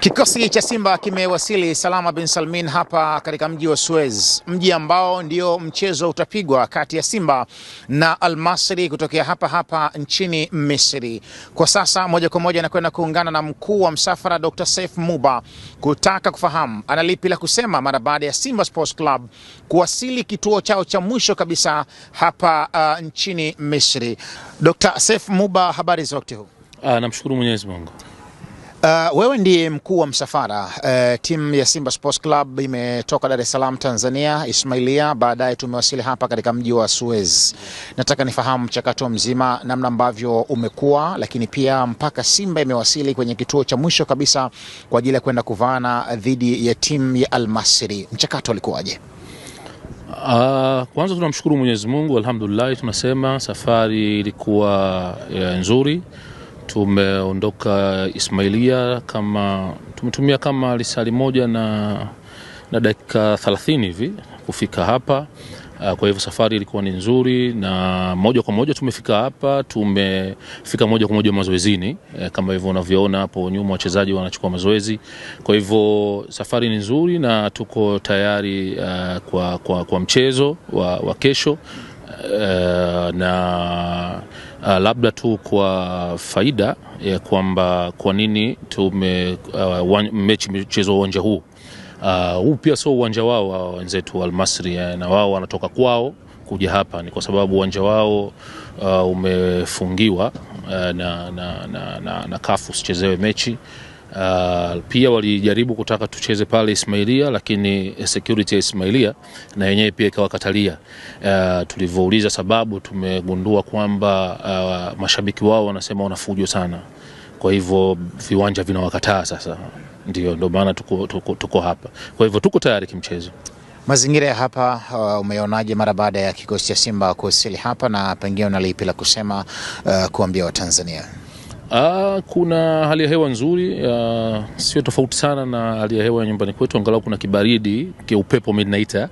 Kikosi cha Simba kimewasili salama bin Salmin hapa katika mji wa Suez, mji ambao ndio mchezo utapigwa kati ya Simba na Al kutokea hapa hapa nchini Misri. Kwa sasa moja kwa moja anakwenda kuungana na mkuu wa msafara Dr. Saif Muba kutaka kufahamu lipi la kusema mara baada ya Simba Sports Club kuwasili kituo chao cha mwisho kabisa hapa uh, nchini Misri. Dr. Saif Muba, habari za wakati huu? Ah, namshukuru Mwenyezi Mungu. Uh, wewe ndiye mkuu wa msafara uh, timu ya Simba Sports Club imetoka Dar es Salaam Tanzania, Ismailia, baadaye tumewasili hapa katika mji wa Suez. Nataka nifahamu mchakato mzima, namna ambavyo umekuwa, lakini pia mpaka Simba imewasili kwenye kituo cha mwisho kabisa kwa ajili ya kwenda kuvaana dhidi ya timu ya Al Masry, mchakato ulikuwaje? Uh, kwanza tunamshukuru Mwenyezi Mungu, alhamdulillah, tunasema safari ilikuwa eh, nzuri Tumeondoka Ismailia kama tumetumia kama lisali moja na, na dakika 30 hivi kufika hapa. Ah, kwa hivyo safari ilikuwa ni nzuri, na moja kwa moja tumefika hapa. Tumefika moja kwa moja mazoezini eh, kama hivyo unavyoona hapo nyuma, wachezaji wanachukua mazoezi. Kwa hivyo safari ni nzuri na tuko tayari uh, kwa, kwa, kwa mchezo wa, wa kesho uh, na Uh, labda tu kwa faida ya kwamba kwa nini tume uh, wan, mechi mchezo uwanja huu ah, huu pia sio uwanja wao wenzetu wa Almasri eh, na wao wanatoka kwao kuja hapa ni kwa sababu uwanja wao uh, umefungiwa uh, na, na, na, na, na kafu usichezewe mechi Uh, pia walijaribu kutaka tucheze pale Ismailia, lakini security ya Ismailia na yenyewe pia ikawakatalia. Uh, tulivyouliza sababu tumegundua kwamba uh, mashabiki wao wanasema wanafujo sana, kwa hivyo viwanja vinawakataa. Sasa ndio ndio maana tuko, tuko, tuko hapa, kwa hivyo tuko tayari kimchezo. Mazingira ya hapa uh, umeonaje mara baada ya kikosi cha Simba kuwasili hapa na pengine unalipi la kusema uh, kuambia Watanzania? Aa, ah, kuna hali ya hewa nzuri, sio tofauti sana na hali ya hewa ya nyumbani kwetu, angalau kuna kibaridi, kiupepo mimi naita eh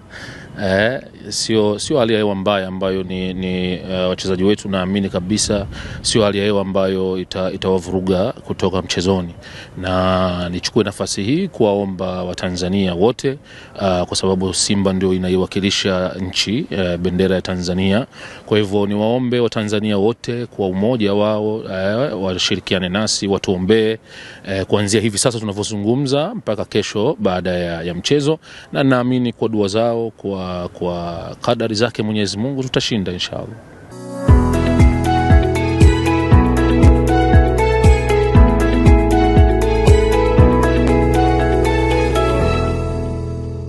eh, sio sio hali ya hewa mbaya ambayo ni, ni uh, wachezaji wetu naamini kabisa sio hali ya hewa ambayo itawavuruga ita kutoka mchezoni, na nichukue nafasi hii kuwaomba Watanzania wote uh, kwa sababu Simba ndio inaiwakilisha nchi uh, bendera ya Tanzania. Kwa hivyo niwaombe Watanzania wote kwa umoja wao uh, washirikiane nasi watuombee uh, kuanzia hivi sasa tunavyozungumza mpaka kesho baada ya, ya mchezo, na naamini kwa dua zao kwa kwa, kadari zake Mwenyezi Mungu tutashinda inshallah.